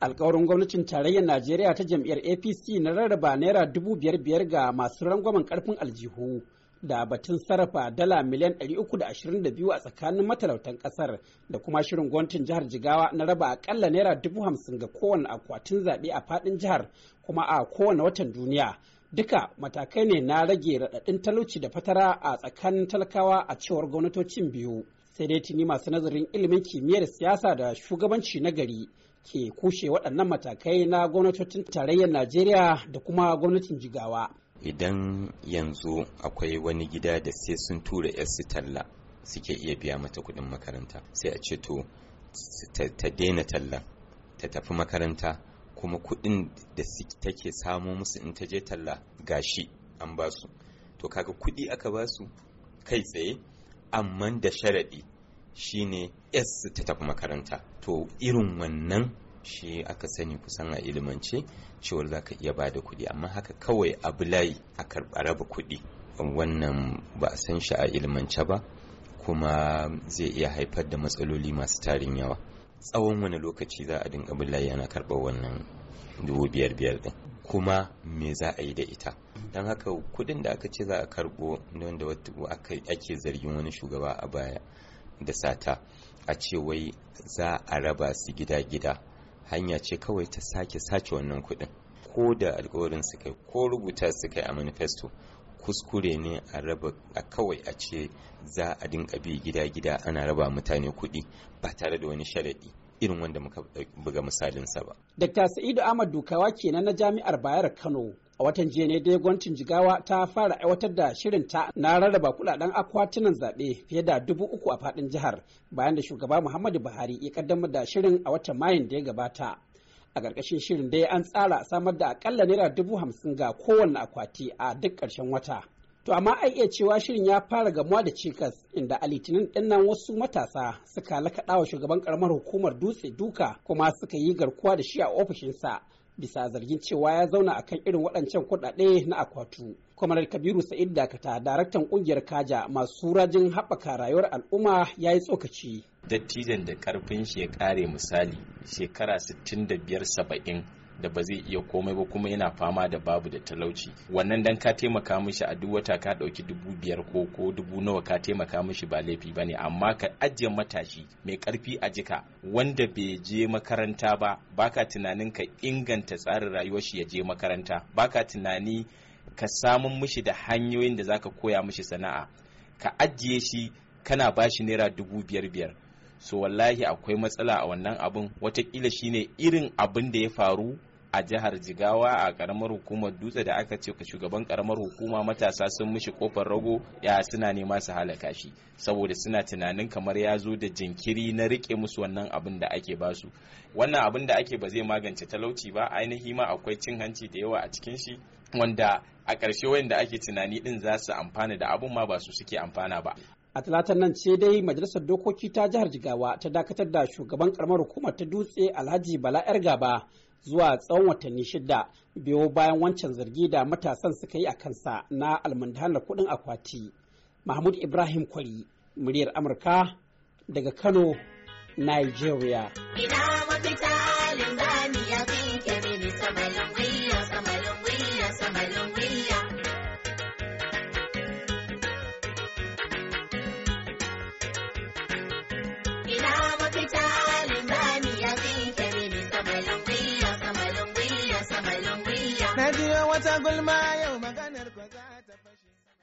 alkawarin gwamnatin tarayyar najeriya ta jam'iyyar apc na rarraba naira dubu biyar biyar ga masu rangwamen karfin aljihu da batun sarrafa dala miliyan da da 322 a tsakanin matalautan kasar da kuma shirin gwamnatin jihar jigawa na raba akalla naira dubu hamsin ga kowane akwatin zaɓe a faɗin jihar kuma a kowane watan duniya duka matakai ne na rage raɗaɗin talauci da fatara a tsakanin talakawa a cewar gwamnatocin biyu sai dai tuni masu nazarin ilimin kimiyyar siyasa da shugabanci na gari ke kushe waɗannan matakai na gwamnatocin tarayyar najeriya da kuma gwamnatin jigawa idan yanzu akwai wani gida da sai sun tura yar su talla suke iya biya mata kuɗin makaranta sai a ce to ta daina talla ta tafi makaranta kuma kuɗin da take samo musu in ta je talla ga shi an ba su, to kaga kuɗi aka ba su kai tsaye amma da sharaɗi shine s ta tafi makaranta to irin wannan shi aka sani kusan a ilimance cewar za ka iya bada kuɗi amma haka kawai abu layi a karɓa raba kuɗi wannan ba a san shi a ilimance ba kuma zai iya haifar da matsaloli masu tarin yawa tsawon wani lokaci za a dinga bin layi ana karɓar wannan dubu biyar biyar ɗin kuma me za a yi da ita don haka kuɗin da aka ce za a karɓo wanda ake zargin wani shugaba a baya da sata a ce wai za a raba su gida-gida hanya ce kawai ta sake sace wannan kuɗin ko da alkawarin su kai ko rubuta su kai a manifesto kuskure ne a raba a kawai a ce za a dinka bi gida-gida ana raba mutane kuɗi ba tare da wani sharaɗi irin wanda muka buga misalinsa ba. Dr. Sa'idu Ahmad Dukawa kenan na Jami'ar Bayar Kano. A watan jiya ne dai gwamnatin Jigawa ta fara aiwatar da shirin ta na rarraba kudaden akwatunan zaɓe fiye da dubu uku a faɗin jihar bayan da shugaba Muhammadu Buhari ya kaddamar da shirin a watan Mayun da ya gabata. A ƙarƙashin shirin dai an tsara samar da aƙalla naira dubu hamsin ga kowane akwati a duk ƙarshen wata. To amma ai iya cewa shirin ya fara gamuwa da cikas inda a litinin ɗinnan wasu matasa suka lakaɗawa shugaban ƙaramar hukumar dutse duka kuma suka yi garkuwa da shi a ofishinsa bisa zargin cewa ya zauna akan irin waɗancan kuɗaɗe na akwatu. kwamanar kabiru sa'id dakata daraktan ƙungiyar kaja masu rajin haɓaka rayuwar al'umma ya yi tsokaci dattijan da ƙarfin shi ya ƙare misali shekara 65 70 da ba zai iya komai ba kuma yana fama da babu da talauci wannan dan ka taimaka mishi a duk wata ka dauki dubu biyar ko ko dubu nawa ka taimaka mishi ba laifi ba ne amma ka ajiye matashi mai karfi a jika wanda bai je makaranta ba baka tunanin ka inganta tsarin rayuwar shi ya je makaranta baka tunani ka samun mishi da hanyoyin da zaka koya mishi sana'a ka ajiye shi kana bashi naira dubu biyar biyar so wallahi akwai matsala a wannan abun watakila shine irin abin da ya faru a jihar jigawa a karamar hukumar dutse da aka ce shugaban karamar hukuma matasa sun mishi kofar rago ya suna nema su halaka shi saboda suna tunanin kamar ya zo da jinkiri na rike musu wannan abin da ake basu wannan abin da ake ba zai magance talauci ba ainihi ma akwai cin hanci da yawa a cikin shi wanda a ƙarshe wayanda ake tunani din za su amfana da abun ma ba su suke amfana ba a talatan nan ce dai majalisar dokoki ta jihar jigawa ta dakatar da shugaban karamar hukumar ta dutse alhaji bala yar gaba zuwa tsawon watanni shida biyo bayan wancan zargi da matasan suka yi a kansa na almundanar kudin akwati mahmud ibrahim kwari muryar amurka daga kano nigeria